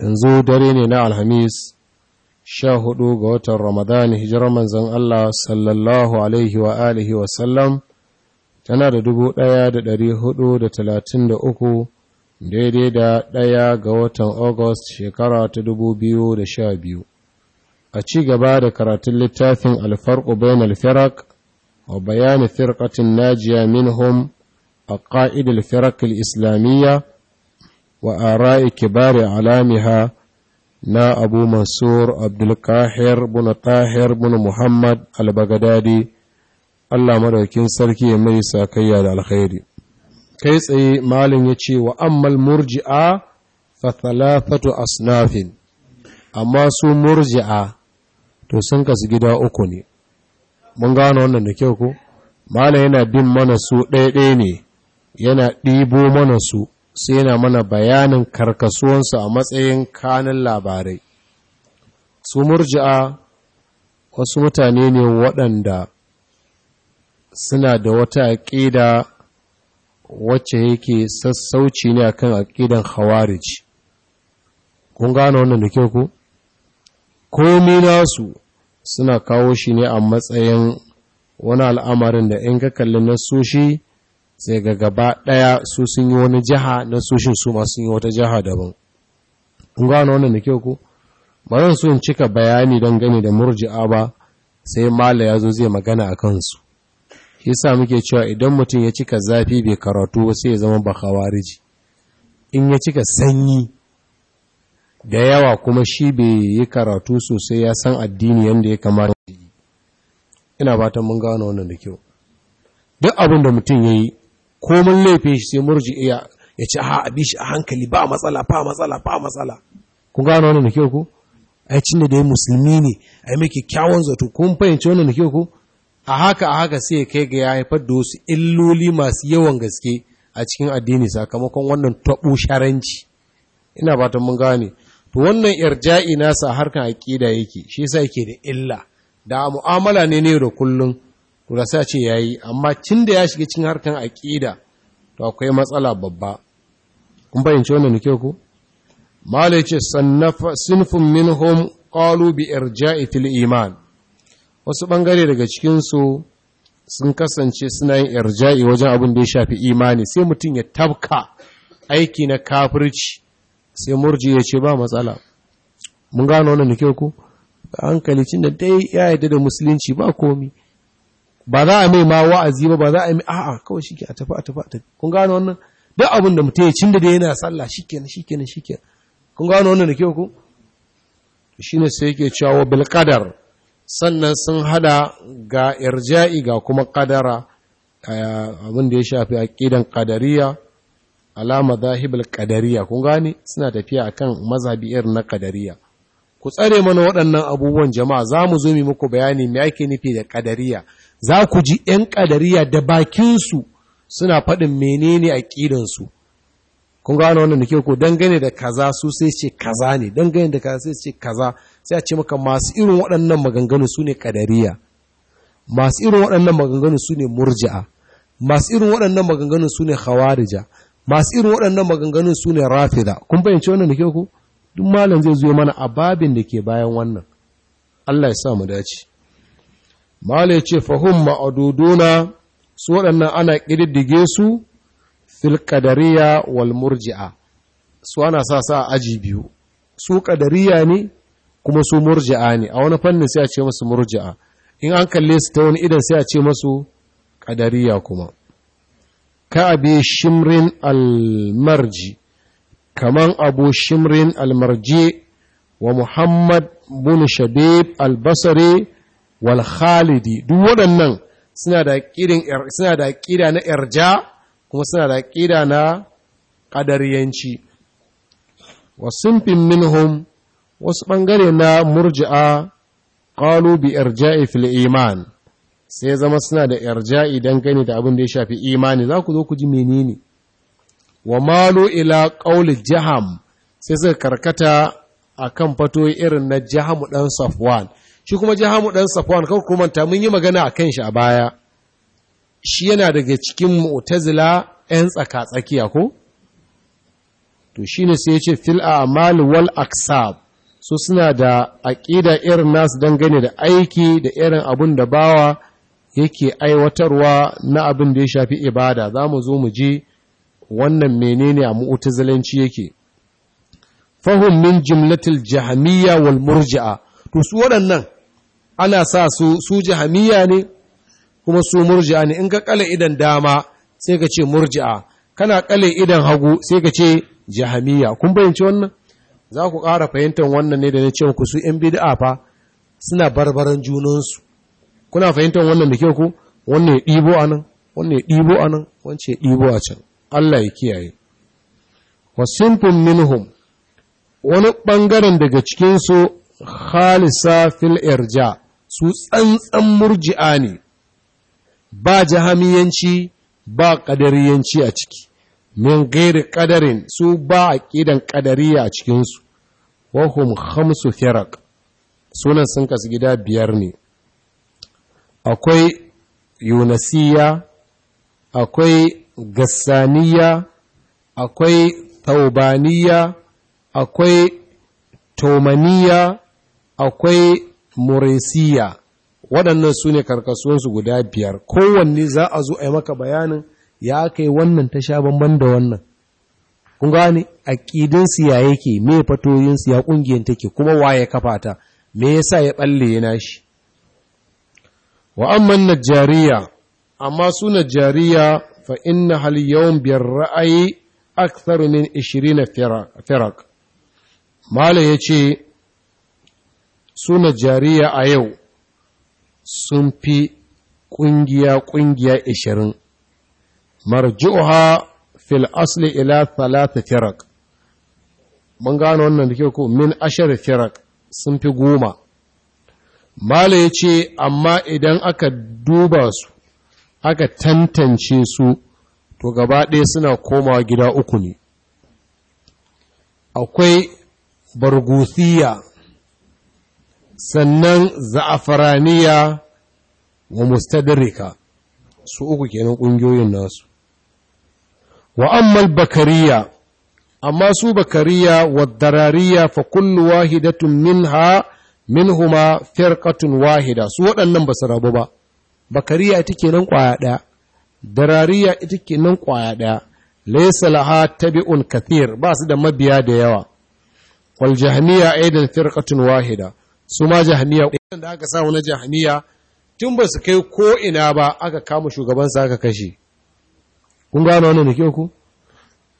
yanzu dare ne na alhamis sha hudu ga watan ramadan hijirar Manzon Allah sallallahu alaihi wa alihi tana da dubu daya da dari hudu da talatin da uku daidai da daya ga watan august shekara ta dubu biyu da sha biyu a ci gaba da karatun littafin alfarko bayan alfirak wa bayanin firkatin najiya minhum a ƙa'idar firakil islamiyya Wa'ara ara'i kibari alamiha na abu mansur abdulkahir bin tahir bin muhammad al-bagadadi allah madaukin sarki ya mai sakayya da alkhairi kai tsaye malin ya ce wa murji'a fa thalathatu asnafin amma su murji'a to sun kasu gida uku ne mun gano wannan da kyau ko malam yana bin mana su ɗaya ɗaya ne yana ɗibo mana su sai yana mana bayanin karkasuwansu a matsayin kanin labarai su murji'a wasu mutane ne waɗanda suna da wata aƙida wacce yake sassauci ne akan aƙidan hawarici kun gane wannan da kyau ku komi nasu suna kawo shi ne a matsayin wani al'amarin da in ka kalli nasoshi sai ga gaba ɗaya su sun yi wani jiha na sushin su ma sun yi wata jiha daban kun gano wannan da kyau ko ba zan so in cika bayani don gani da murji'a ba sai mala ya zo zai magana a kansu shi sa muke cewa idan mutum ya cika zafi bai karatu sai ya zama bakawariji in ya cika sanyi da yawa kuma shi bai yi karatu sosai ya san addini yadda ya kamata ina fatan mun gano wannan da kyau duk abin da mutum ya yi komin laife shi sai mun ya ce ha abi shi a hankali ba matsala ba matsala ba matsala kun gano wannan da ku ai cin da dai musulmi ne ai mai kyakkyawan zato kun fahimci wannan da ku a haka a haka sai kai ga ya haifar da wasu illoli masu yawan gaske a cikin addini sakamakon wannan tabo sharanci ina fatan mun gane to wannan yar' irja'i nasa harkan aqida yake shi yasa yake da illa da mu'amala ne ne da kullum? to ce ya yi, amma tun da ya shiga cikin harkar aƙida to akwai matsala babba kun bayyance wannan ne ko malai ce sannafa sinfun minhum qalu bi irja'i fil iman wasu bangare daga cikin su sun kasance suna yin irja'i wajen abin da ya shafi imani sai mutum ya tabka aiki na kafirci sai murji ya ce ba matsala mun gano wannan ne ko hankali cin da dai ya yarda da musulunci ba komi ba za a mai ma wa'azi ba ba za a mai a'a kawai shike a tafi a tafi a tafi kun gano wannan duk abin da mutum ya cinda da yana sallah shikenan shikenan shikenan kun gano wannan da ke ku shine sai yake cewa bil qadar sannan sun hada ga irja'i ga kuma qadara abin da ya shafi aqidan qadariya alama zahibul qadariya kun gane suna tafiya akan mazhabi irin na qadariya ku tsare mana waɗannan abubuwan jama'a za mu zo mu muku bayani me ake nufi da ƙadariya za ku ji 'yan ƙadariya da bakinsu suna faɗin menene aƙidansu kun gano wannan da ke ko dangane da kaza su sai ce kaza ne dangane da kaza sai ce kaza sai a ce maka masu irin waɗannan maganganu su ne kadariya masu irin waɗannan maganganu su ne murji'a masu irin waɗannan maganganu su ne khawarija masu irin waɗannan maganganu su ne rafida kun fahimci wannan da ke ko duk malam zai zo mana a babin da ke bayan wannan Allah ya sa mu dace malai ce fahum ma'aduduna su waɗannan ana ƙididdige su fil qadariya wal murji'a su ana sa sa aji biyu su qadariya ne kuma su murji'a ne a wani fannin sai a ce musu murji'a in an kalle su ta wani idan sai a ce musu qadariya kuma ka abi shimrin al marji kaman abu shimrin almarje wa muhammad bin shabib albasare wal khalidi duk waɗannan suna da ƙida na irja kuma suna da ƙida na ƙadariyanci wa sunfin wasu ɓangare na murji'a ƙalu bi irja'i fil iman sai zama suna da irja'i idan gani da abin da ya shafi imani za ku zo ku ji menene wa malu ila ƙauli jiham sai suka karkata a kan fatoyi irin na jihamu ɗan safwan shi kuma jihamu ɗan safwan kawai kuma ta mun yi magana a kan shi a baya shi yana daga cikin mu'tazila 'yan tsaka-tsakiya ko to shi ne sai ya ce fil a'mal wal aksab su suna da aƙida irin nasu dangane da aiki da irin abun da bawa yake aiwatarwa na abin da ya shafi ibada za mu zo mu ji wannan menene a mu'tazilanci yake fahum min jumlatil jahmiya wal murji'a to su waɗannan ana sa su su jahmiya ne kuma su murji'a ne in ka kale idan dama sai ka ce murji'a kana kale idan hagu sai ka ce jahmiya kun bayyance wannan za ku ƙara fahimtar wannan ne da na ce ku su ‘yan bid'a fa suna barbaran junansu, kuna fahimtar wannan da kyau ku, wannan ya ɗibo a nan, wannan ya ɗibo a nan, wancan ya ɗibo a can. Allah ya kiyaye wa minhum wani ɓangaren daga cikinsu khalisa fil irja su tsantsan murji'a ne ba jahamiyanci ba ƙadariyanci a ciki min gairi ƙadarin su ba a ƙidan ƙadariya a cikinsu wahum hamsu firak sunan sun kasu gida biyar ne akwai yunasiya akwai gassaniya akwai taubaniya akwai taumaniya akwai muresiya waɗannan su ne karkasuwansu guda biyar kowanne za a zo a yi maka bayanin ya kai wannan ta sha bamban da wannan kun gane ƙidinsu ya yake me fatoyinsu ya ƙungiyar take kuma waye kafa ta me yasa ya ɓalle ya nashi wa amman najariya amma su najariya fa inna hal yawm bir ra'ayi aksar min 20 firaq mala yace suna jariya a yau sun fi kungiya kungiya 20 marjuha fil asli ila talata firaq mun gano wannan da ke ko min ashar firaq sun fi goma mala yace amma idan aka duba su aka tantance su to gaba ɗaya suna komawa gida uku ne akwai barguthiya sannan za'afaraniya wa mustadarika su uku kenan ƙungiyoyin nasu wa ammal bakariya amma su bakariya wa darariya fa kullu wahidatun minha minhuma firqatun wahida su waɗannan ba su rabu ba bakariya ita kenan ƙwaya ɗaya darariya ita kenan ƙwaya ɗaya laysa laha tabi'un kathir ba su da mabiya da yawa wal jahmiya aidan firqatun wahida su ma jahmiya da aka samu na jahmiya tun ba su kai ko ina ba aka kama shugaban sa aka kashe kun gano wannan ne ku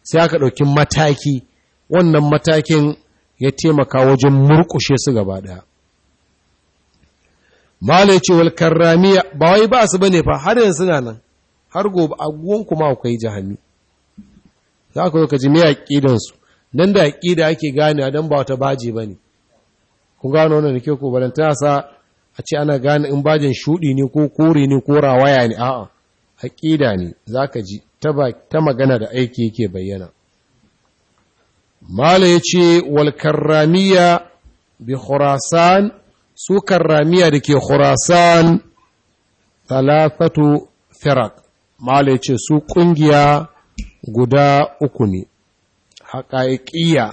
sai aka ɗauki mataki wannan matakin ya taimaka wajen murkushe su gaba ɗaya Mala ce wal karramiya ba wai ba su bane fa har yanzu suna nan har gobe a kuma akwai jahanni Za ka zo ka ji me aqidan su dan da aqida ake gane dan ba wata baje bane. Kun gano wannan ke ko balanta sa a ce ana gane in bajin shudi ne ko kore ne ko rawaya ne a'a aqida ne za ka ji ta magana da aiki yake bayyana. malai ce wal karramiya bi Khurasan su karramiya da ke khurasan talafatu firak mala ce su ƙungiya guda uku ne Haƙa'iƙiyya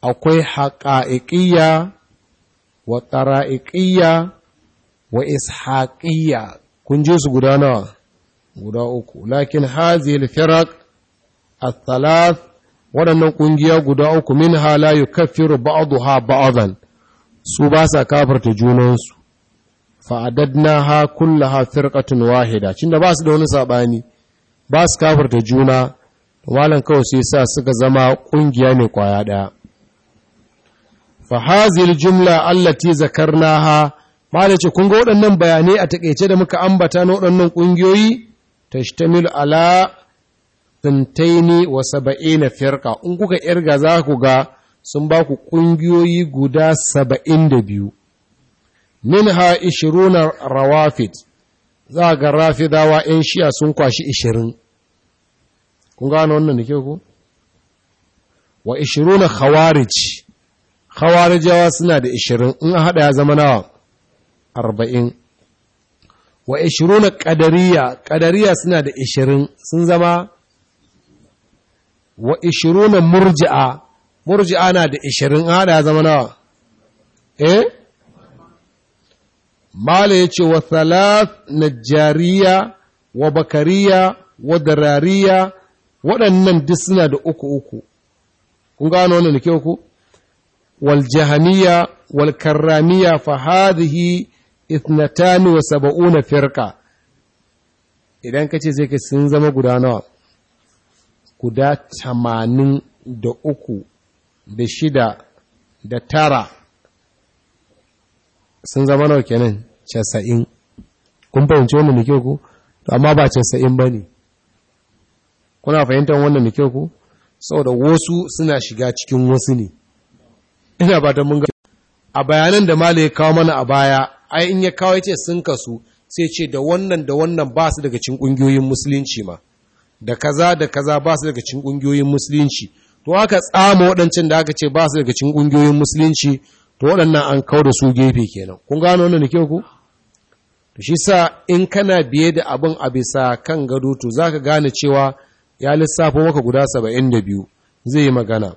akwai haƙa'iƙiya wa tara'iƙiya wa ishaƙiyya kun je su guda nawa guda uku lakin hazil firak al-thalath waɗannan ƙungiya guda uku min hala yukaffiru ha ba'dan su ba sa kafarta junansu fa'adadna ha kulla ha firƙatun wahida cin da ba su da wani saɓani ba su kafarta juna malan kawai sai sa suka zama ƙungiya mai ƙwaya ɗaya fahazil jumla allati zakarna ha da ce kun waɗannan bayanai a taƙaice da muka ambata na waɗannan ƙungiyoyi mil ala tsintaini wa saba'ina firka in kuka irga za ku ga sun ba ku ƙungiyoyi guda saba'in da biyu Min ha ishiruna rawafid za ga rafidawa 'yan shiya sun kwashi ishirin kun gano wannan da ke ku wa ishiruna khawarij khawarijawa suna da ishirin in haɗa ya zama nawa arba'in wa ishiruna ƙadariya ƙadariya suna da ishirin sun zama wa ishiruna murji'a Murji ana da ishirin hada zama nawa eh mala ce wa na jariya, wa bakariya wa darariya waɗannan duk suna da uku uku kun gano wannan da ke uku wal jahaniya wal karramiya fa hadhihi ithnatani wa sab'una firqa idan ka ce zai ka sun zama guda nawa guda tamanin da uku da shida da tara sun zama nau kenan casa'in kun fahimci wannan da kyau ku amma ba casa'in ba ne kuna fahimtar wannan da kyau ku saboda wasu suna shiga cikin wasu ne ina ba ta munga a bayanan da mala ya kawo mana a baya ai in ya kawo ce sun kasu sai ce da wannan da wannan ba su daga cin ƙungiyoyin musulunci ma da kaza da kaza ba su daga cin ƙungiyoyin musulunci to aka tsama waɗancan da aka ce ba su daga cikin ƙungiyoyin musulunci to waɗannan an kau da su gefe kenan kun gano wannan ke ku to shi sa in kana biye da abin a bisa kan gado to zaka gane cewa ya lissafo maka guda saba'in da biyu zai yi magana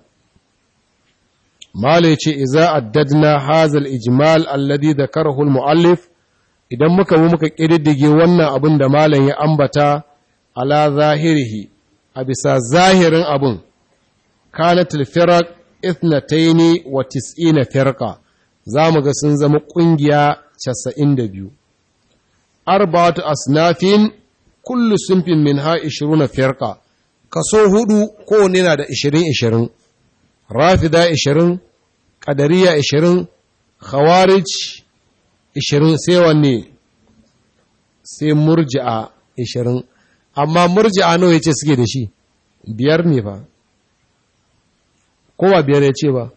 mala ya ce iza addadna hazal ijmal alladhi dhakarahu al-muallif idan muka mu muka kididdige wannan abin da malam ya ambata ala zahirihi a bisa zahirin abin kanatul firaq ithnataini wa firqa zamu ga sun zama kungiya 92 arba'atu asnafin kullu sunfin minha 20 firqa kaso hudu kowanne na da 20 20 rafida 20 qadariya 20 khawarij 20 sai wanne sai murji'a 20 amma murji'a nawa yace suke da shi biyar ne fa kowa biyar ya ce ba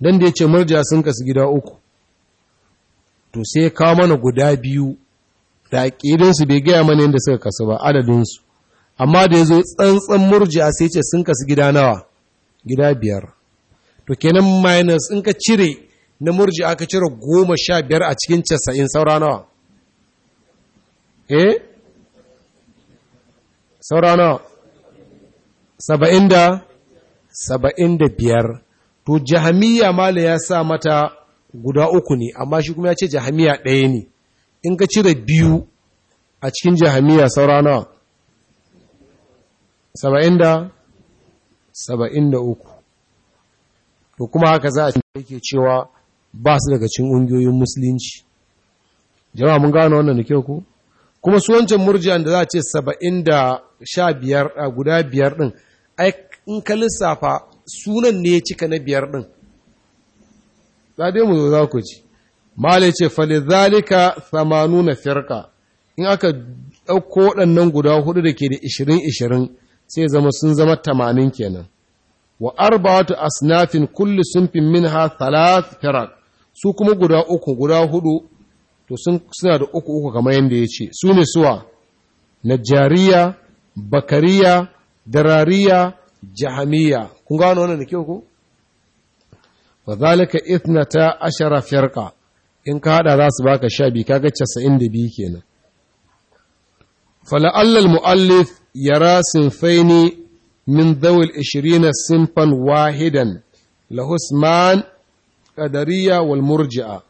don da ya ce murja sun kasu gida uku to sai kawo mana guda biyu da aƙidinsu bai gaya mana yadda suka kasu ba adadinsu amma da ya zo tsantsan murja sai ce sun kasu gida nawa gida biyar to kenan minus in ka cire na murji aka cire goma sha biyar a cikin casa'in saura nawa eh saura nawa saba'in da saba'in da biyar to jahamiya mala ya sa mata guda uku ne amma shi kuma ya ce jahamiya ɗaya ne in ka cire biyu a cikin jahamiya saura nawa saba'in da saba'in da uku to kuma haka za a yake cewa ba su daga cin ƙungiyoyin musulunci jama'a mun gano wannan da kyau ku. kuma su wancan da za a ce saba'in da sha biyar a guda biyar ɗin ai in ka lissafa sunan ne ya cika na biyar ɗin za dai mu zo za ku ji mala ce falizalika samanu na firka in aka ɗauko waɗannan guda hudu da ke da ishirin ishirin sai zama sun zama tamanin kenan wa arba'atu asnafin kulli min ha thalath firak, su kuma guda uku guda hudu to suna da uku uku kamar yadda ya ce su ne suwa najariya bakariya darariya jahamiya kun gano wannan ke ku wa zalika ithnata ashara firqa in ka hada za su baka 12 kaga 92 kenan fala'alla mu'allif yara sinfaini min dawil 20 sinfan wahidan la husman qadariya wal murji'a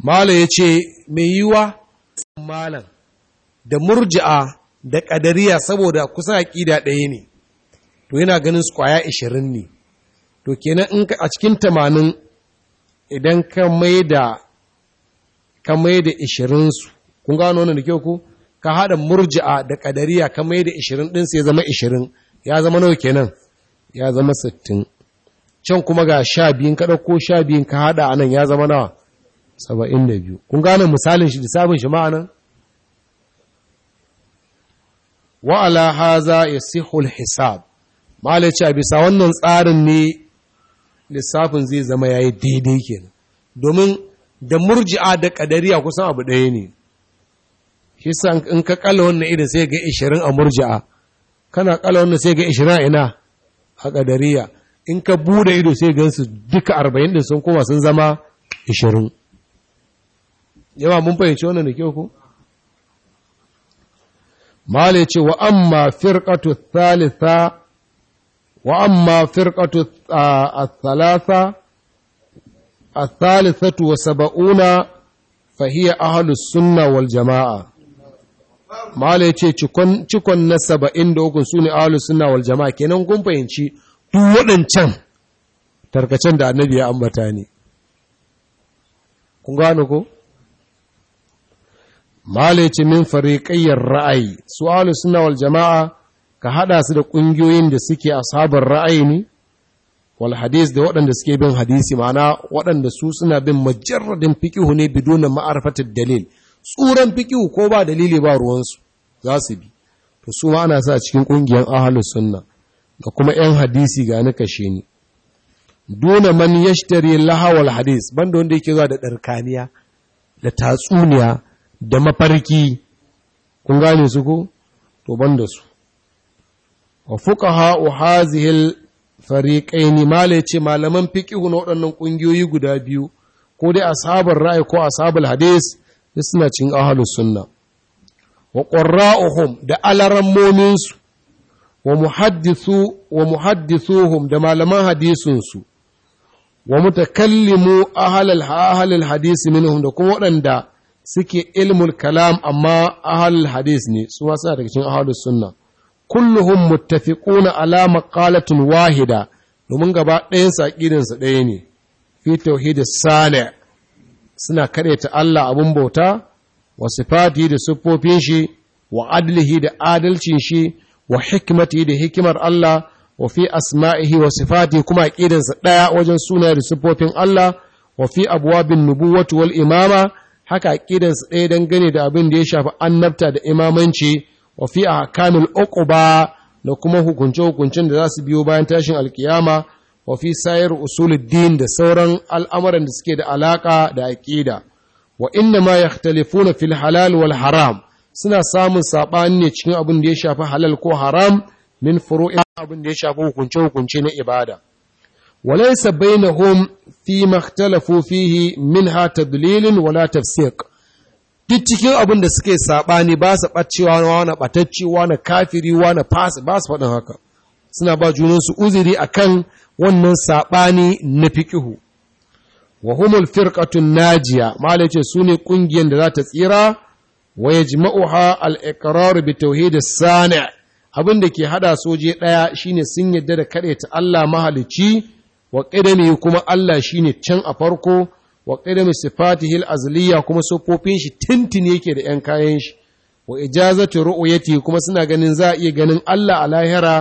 mala yace me yiwa malan da murji'a da qadariya saboda kusa aqida ɗaya ne to yana ganin su kwaya 20 ne to kenan in a cikin 80 idan ka mai da 20 su kun gano wannan da kyau ko ka hada murji'a da kadariya ka mai da 20 din sai ya zama 20 ya zama nawa kenan ya zama 60 can kuma ga 12 ka dauko 12 ka hada nan ya zama nawa 72 kun gano misalin shi lissafin shi ma'anan wa'ala haza ya sihul hisab malaci a bisa wannan tsarin ne lissafin zai zama ya yi daidai kenan domin da murji'a da ƙadariya kusan abu ɗaya ne shi sa in ka kala wannan irin sai ga ishirin a murji'a kana kala wannan sai ga ishirin a ina a ƙadariya in ka bude ido sai gansu duka arba'in da sun koma sun zama ishirin yawa mun fahimci wannan da kyau ko mala ce wa amma firqatu thalitha wa amma a ath-thalatha ath-thalithatu wa sab'una fa hiya ahlus sunna wal jamaa mala yace cikon cikon na 73 sune ahlus sunna wal kenan kun fahimci duk waɗancan tarkacen da annabi ya ambata ne kun gano ko mala yace min fariqayyar ra'ayi su sunna wal jamaa ka haɗa su da ƙungiyoyin da suke asabar ra'ayi ne wal hadis da waɗanda suke bin hadisi ma'ana waɗanda su suna bin majarradin fikihu ne biduna ma'arfatar dalil tsuran fikihu ko ba dalili ba ruwansu za su bi to su ma ana sa cikin ƙungiyar ahalus sunna da kuma 'yan hadisi ga ni kashe ni duna man yashtari lahawal hadis banda wanda yake zuwa da ɗarkaniya da tatsuniya da mafarki kun gane su ko to banda su wa fuqaha hadhihi hazihil fariƙaini malai ce malaman fiƙi na waɗannan ƙungiyoyi guda biyu ko dai ashabar ra’i ko ashabul hadis suna cin ahlus sunna wa qurra'uhum da alaran su wa muhaddisu hum da malaman hadisinsu wa mutakallimu ahalal hadisi hadis minhum da kuma waɗanda suke ilmul kalam amma ahalal hadis ne su ma suna daga cikin ahalus sunna kulluhum muttafiquna ala maqalatin wahida domin gaba ɗayan su ɗaya ne fi tauhid sani suna kadaita Allah abun bauta wa sifati da siffofin shi wa adlihi da adalcin shi wa hikmati da hikimar Allah wa fi asma'ihi wa sifati kuma aqidin su ɗaya wajen suna da siffofin Allah wa fi abwabin nubuwwati wal imama haka a su ɗaya dangane da abin da ya shafi annabta da imamanci wa fi ahkamil ba da kuma hukunce-hukuncen da za su biyo bayan tashin alkiyama wa fi sayar din da sauran al'amuran da suke da alaƙa da aƙida wa inda ma yakhtalifuna fil halal wal haram suna samun saɓani ne cikin abin da ya shafi halal ko haram min Ina abin da ya shafi hukunce-hukunce na ibada walaisa bainahum fi makhtalafu fihi ha tadlilin wala tafsir duk cikin abin da suke saɓani ba su ɓacewa na wani ɓatacci wani kafiri wani fasi ba su faɗin haka suna ba junansu uziri a kan wannan saɓani na fiƙihu wa humul firƙatun najiya malai ce su ne ƙungiyar da za ta tsira wa ya ha al'iƙarar bi tauhidi sani abin da ke haɗa soje ɗaya shine sun yadda da kaɗaita Allah mahalicci wa ƙidami kuma Allah shine can a farko wa qidam sifatihil azliya kuma sofofin shi tintin yake da yan kayan shi wa ijazatu ru'uyati kuma suna ganin za a iya ganin Allah a lahira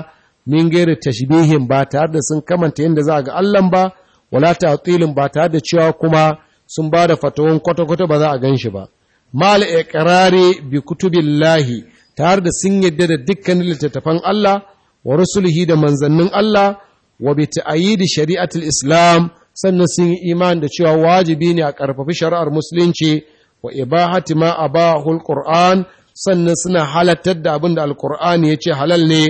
min gairi tashbihin ba tare da sun kamanta yadda za a ga Allah ba wala ta'tilin ba tare da cewa kuma sun ba da fatawan kwata-kwata ba za a gan shi ba mal iqrari bi kutubillahi tare da sun yadda da dukkan littattafan Allah wa rusulihi da manzannin Allah wa bi da shari'atul islam sannan sun yi imani da cewa wajibi ne a ƙarfafi shari'ar musulunci wa ibahati ma ba qur'an sannan suna halattar da abin da ya ce halal ne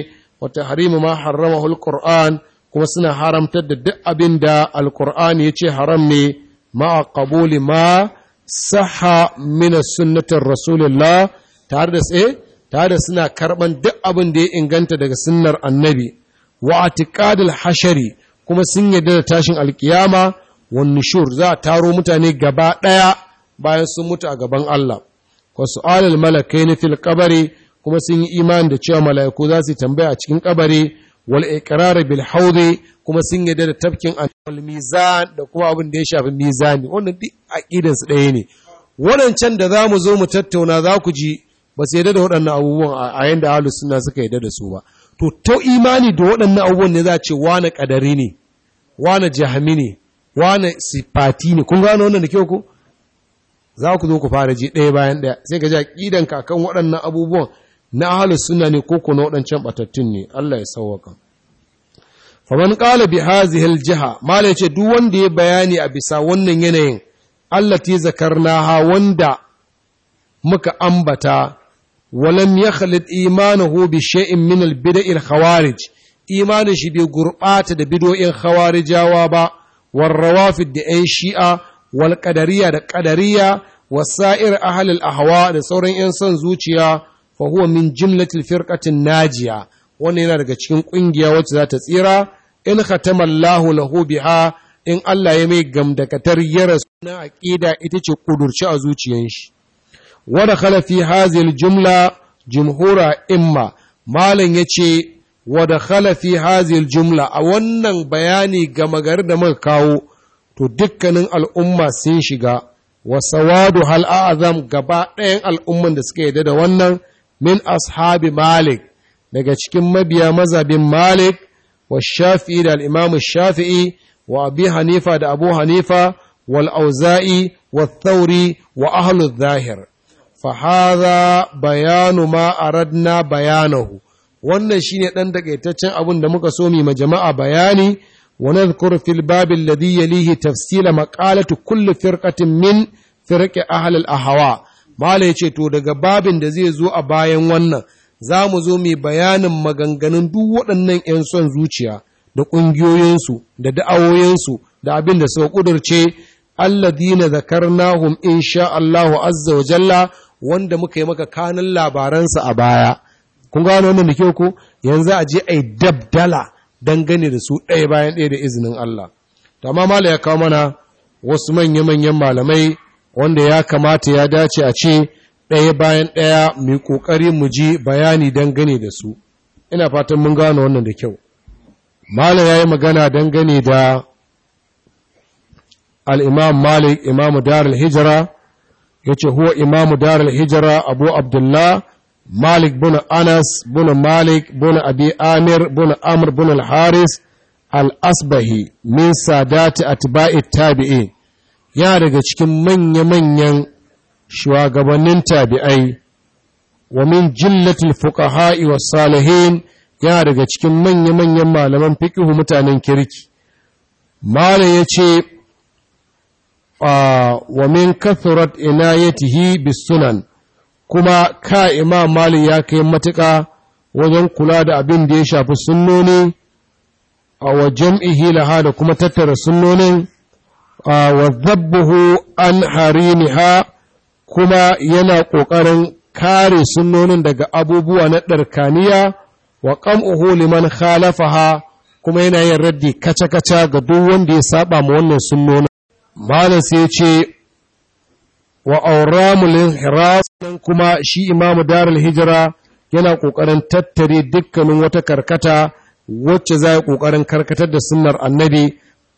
wa tahrimu ma harama qur'an kuma suna haramtar da duk abin da ya ce haram ne ma a qabuli ma saha min sunnatir rasulillah tare da tsaye tare da suna karɓan duk abin da ya inganta daga sunnar annabi wa atiqadul hashari kuma sun yarda da tashin alkiyama wani shur za a taro mutane gaba ɗaya bayan sun mutu a gaban Allah wa malakai na fil kabari kuma sun yi imani da cewa mala'iku za su tambaya a cikin kabari wal iqrar bil haudi kuma sun yarda da tafkin al mizan da kuma abin da ya shafi mizani wannan duk aqidan su ɗaya ne wadancan da za mu zo mu tattauna za ku ji ba su yadda da waɗannan abubuwan a yayin da ahlus suka yadda da su ba to ta imani da waɗannan abubuwan ne za a ce wane ƙadari ne wane jahami ne wane sifati ne kun gano wannan da kyau ko za ku zo ku fara ji ɗaya bayan ɗaya sai ka ji aƙidan kakan waɗannan abubuwan na ahalus suna ne ko kuna waɗancan ɓatattun ne Allah ya sauwaka faman qala bi hadhihi al-jiha mala yace duk wanda ya bayani a bisa wannan yanayin Allah ta zakar na hawan wanda muka ambata walam yakhlid imanahu bi shay'in min al-bid'il khawarij imanin shi bai gurɓata da bid'o'in hawarijawa ba war rawafid da yan shi'a walƙadariya qadariyya da qadariyya wasa'ir ahli a hawa da sauran yan son zuciya fa huwa min jumlatil firqatin najiya wannan yana daga cikin kungiya wacce za ta tsira in khatama Allahu lahu biha in Allah ya mai gamdakatar yara suna aqida ita ce ƙudurci a zuciyar shi Wada khalafi hazil jumla jumhura imma, Malam ya ce, Wada khalafi hazil jumla a wannan bayani gama gari da muka kawo, to dukkanin al'umma sun shiga, Wa wasawadu hal'azam gaba ɗayan al'umman da suka yarda da wannan min ashabi Malik, daga cikin mabiya mazabin Malik, wa shafi'i da al'imamu shafi'i, wa abi hanifa da abu hanifa, wal auza'i, wa thauri, wa ahlul zahir. فهذا بيان ما aradna bayanahu wannan shine ɗan dakaitaccen abin da muka so mu jama'a bayani wa nadhkur fil bab alladhi yalihi tafsila maqalatu kulli firqatin min firqi ahli al ahwa mala yace to daga babin da zai zo a bayan wannan za mu zo mai bayanin maganganun duk waɗannan 'yan son zuciya da ƙungiyoyinsu da da'awoyinsu da abin da suka ƙudurce alladina zakarnahum insha Allahu azza wa jalla wanda muka yi maka kanin labaransa a baya kun gano wannan da kyau ko yanzu a je ai dabdala dangane da su ɗaya bayan ɗaya da izinin Allah Ta amma mala ya kawo mana wasu manya-manyan malamai wanda ya kamata ya dace a ce ɗaya bayan ɗaya mai ƙoƙari mu ji bayani don dangane da su ina fatan mun gano wannan da kyau mala ya yi magana don dangane da al'imam malik imamu darul hijira ya ce huwa imamu Daral, hijira abu abdullah malik bin anas bin malik bin abi amir bin amr bin al-haris al-asbahi min sadati atba'i tabi'i yana daga cikin manya-manyan shugabannin tabi'ai wa min jillatil fuqaha'i was salihin yana daga cikin manya-manyan malaman fiqhu mutanen kirki malam yace wa min kathurat inayatihi bis sunan kuma ka imam malik ya kai matuƙa wajen kula da abin da ya shafi sunnoni a wa jam'ihi laha da kuma tattara sunnonin wa zabbuhu an hariniha kuma yana ƙoƙarin kare sunnonin daga abubuwa na ɗarkaniya wa ƙam'uhu liman khalafaha kuma yana yin raddi kaca-kaca ga duk wanda ya saɓa ma wannan sunnonin malam sai ce wa auramul hiras kuma shi imamu darul hijira yana kokarin tattare dukkanin wata karkata wacce za yi kokarin karkatar da sunnar annabi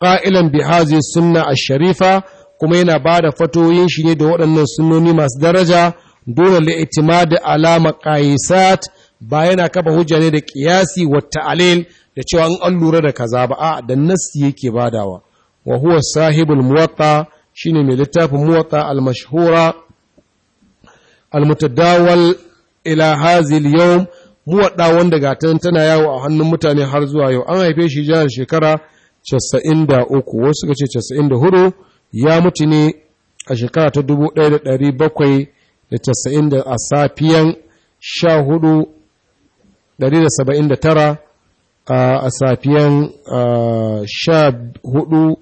qailan bi hazi sunna a sharifa kuma yana ba da fatoyin shi ne da waɗannan sunnoni masu daraja dole li itimad ala maqayisat ba yana kafa hujja ne da qiyasi wa ta'lil da cewa an lura da kaza ba a da nassi yake badawa wa huwa sahibul muwatta shine mai littafin muwatta al-mashhura al-mutadawwal ila hazil yawm muwatta tana yawo a hannun mutane har zuwa yau an haife shi jihar shekara 93 wasu suka ce 94 ya mutu ne a shekara ta 1790 a safiyan 1479 a safiyan 14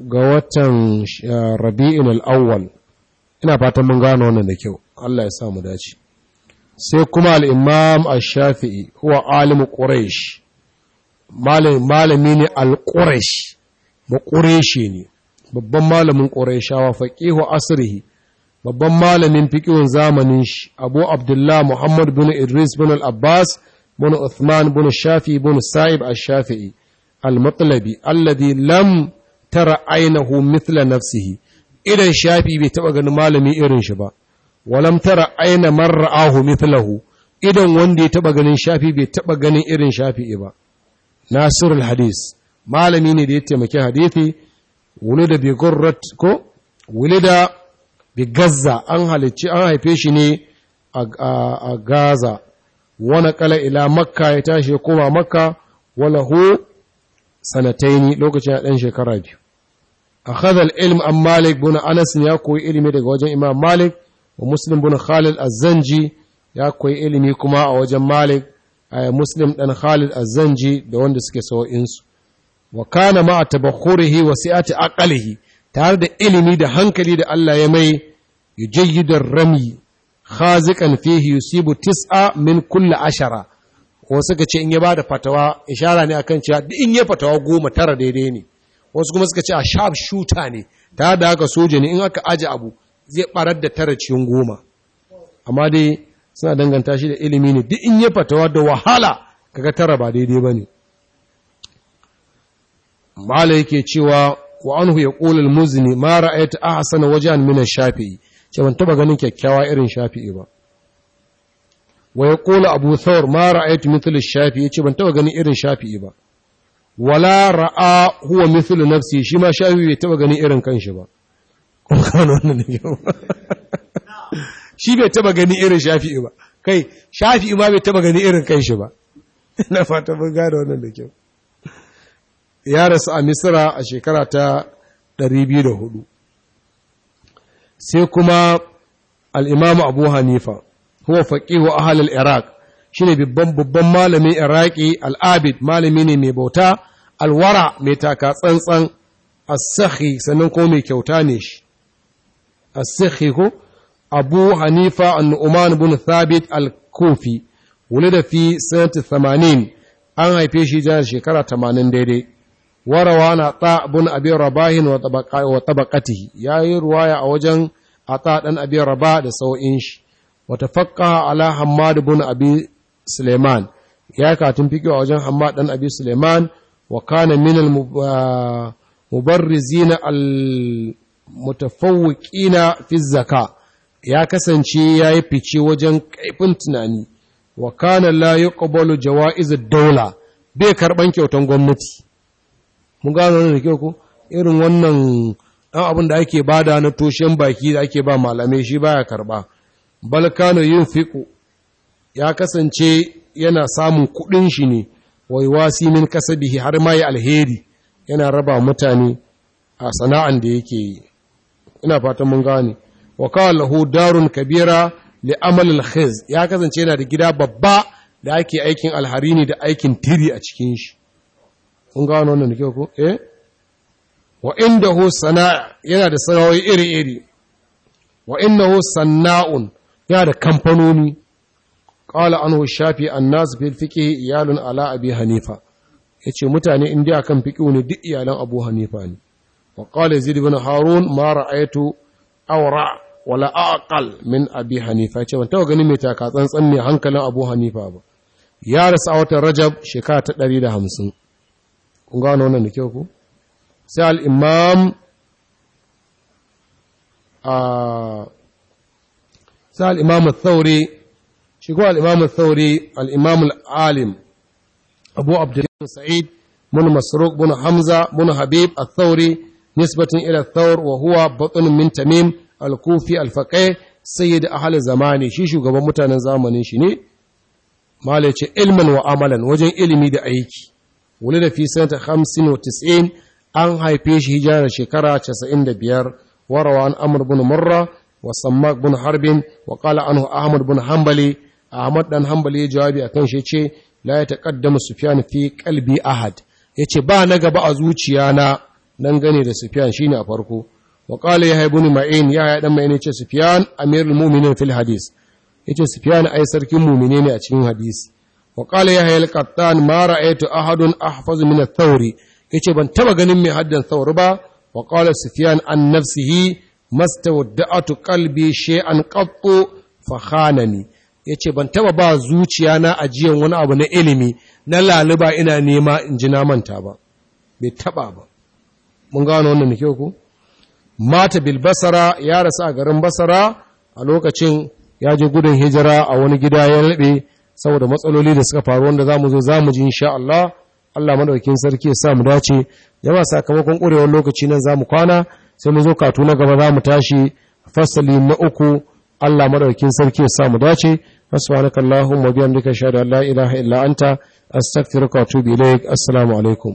ga watan eh, rabi'in al'awwal ina fatan mun gano wannan da kyau Allah ya sa mu dace sai kuma al'imam al-shafi'i huwa alimu ƙuresh malami ne al-ƙuresh ba ne babban malamin ƙureshawa faƙihu asirihi babban malamin fiƙiwun zamanin shi abu Abdullahi, muhammad bin idris bin al-abbas bin uthman bin shafi bin sa'ib a shafii al matlabi alladhi lam tara ainihu mithla nafsihi idan shafi bai taba ganin malami irin shi ba walam tara aina man ra'ahu mithlahu idan wanda ya taba ganin shafi bai taba ganin irin shafi ba al hadis malami ne da ya taimaki hadisi wulida bi gurrat ko wulida bi gazza an halicci an haife shi ne a gaza wani kala ila makka ya tashi ya koma makka wala hu sanataini lokacin ya ɗan shekara biyu a hadal ilm an malik buna anas ya koyi ilimi daga wajen imam malik wa muslim buna khalid az-zanji ya koyi ilimi kuma a wajen malik a muslim dan khalid azanji zanji da wanda suke sawa'insu wa kana ma tabakhurihi wa si'ati aqalihi tare da ilimi da hankali da Allah ya mai yujayyidur rami khaziqan fihi yusibu tis'a min kulli ashara wasu suka ce in ya ba da fatawa ishara ne akan cewa duk in ya fatawa goma tara daidai ne wasu kuma suka ce a sharp shooter ne ta da haka soja ne in aka aji abu zai barar da tara cikin goma amma dai suna danganta shi da ilimi ne duk in ya fatawa da wahala kaga tara ba daidai ba ne mala yake cewa wa anhu ya ƙolil muzni ma ra'ayta ahsana wajen min shafi'i ce ban taba ganin kyakkyawa irin shafi'i ba wa ya ƙola abu thawar ma ra'aytu mithlu shafi yace ban taba ganin irin shafi'i ba wala ra'a huwa mithlu nafsi shi ma shafi bai taba ganin irin kanshi ba kun gano wannan ne shi bai taba ganin irin shafi'i ba kai shafi'i ma bai taba ganin irin kanshi ba ina fata mun da wannan da kyau ya rasu a misira a shekara ta 204 sai kuma al'imamu abu hanifa kuma faƙihu ahli al-iraq shine babban babban malamin iraki al-abid malami ne mai bauta alwara mai taka tsantsan as sannan ko mai kyauta ne shi as-sakhi ko abu hanifa an-nu'man bin thabit al-kufi da fi سنة الثمانين an haife shi jihar shekara tamanin daidai warawa na ta bin abin rabahin wa tabakatihi ya yi ruwaya a wajen a ta ɗan abin raba da sau'in shi wata ala hamad bin abi suleiman ya katin fiƙi a wajen hamad ɗan abi suleiman wa kana min mubarrizina al-mutafawwiqina fi zaka ya kasance yayi fice wajen kaifin tunani wa kana la yuqbalu jawaiz ad-dawla bai karɓan kyautan gwamnati mun gano ne kyau ko irin wannan ɗan abin da ake bada na toshen baki da ake ba malamai shi baya karɓa balkano yin fiƙo ya kasance yana samun kuɗin shi ne wai wasi min kasabihi har ma ya alheri yana raba mutane a sana'an da yake yi ina fatan mun gane wa lahu darun kabira li amal alkhiz ya kasance yana da gida babba da ake aikin alhari ne da aikin tiri a cikin shi kun gano wannan da kyau ko eh wa indahu sana'a yana da sana'o'i iri-iri wa innahu sanna'un yana da kamfanoni ƙala anhu shafi annas bil fiqh iyalun ala abi hanifa ce mutane indiya kan akan wani duk iyalan abu hanifa ne wa qala harun Mara aito Aura wala aqal min abi hanifa yace ban taba gani mai taka tsantsan mai hankalin abu hanifa ba ya rasa wata watan rajab shekara ta 150 kun gano wannan da kyau ku sai al sai al'imam thauri shi ko al'imam thauri al'imam abu abdullahi sa'id mun masruq mun hamza mun habib al-thauri nisbatin ila thawr wa huwa batn min tamim al-kufi al-faqih sayyid ahli zamani shi shugaban mutanen zamanin shi ne malai ce ilman wajen ilimi da aiki wuli da fi sanata 95 an haife shi hijirar shekara 95 warawa an amar bin murra وسماك بن حرب وقال عنه أحمد بن حنبلي أحمد بن حنبلي جوابي أكن شيء لا يتقدم سفيان في قلبي أحد yace ba na gaba a zuciyana nan gane da Sufyan shine a farko wa qala ya ibn ma'in ya ya dan ma'in yace Sufyan amirul mu'minin fil hadis yace Sufyan ai sarkin mu'mine ne a cikin hadisi wa qala ya hayal qattan ma ra'aytu ahadun ahfaz min ath-thawri yace ban taba ganin mai haddan thawr ba wa qala Sufyan an nafsihi mastawadda'atu qalbi shay'an qattu fa khanani yace ban taba ba zuciya na ajiyan wani abu na ilimi na laluba ina nema in ji na manta ba bai taba ba mun gano wannan nake ku mata bil basara ya rasu a garin basara a lokacin ya je gudun hijira a wani gida ya rabe saboda matsaloli da suka faru wanda zamu zo zamu ji insha Allah Allah madaukakin sarki ya sa mu dace jama'a sakamakon kurewar lokaci nan zamu kwana sai mu zo katu na gaba za mu tashi fasali na uku Allah madaukin sarki ya sa mu dace subhanakallahumma wa bihamdika ashhadu an la ilaha illa anta astaghfiruka wa atubu ilaik assalamu alaikum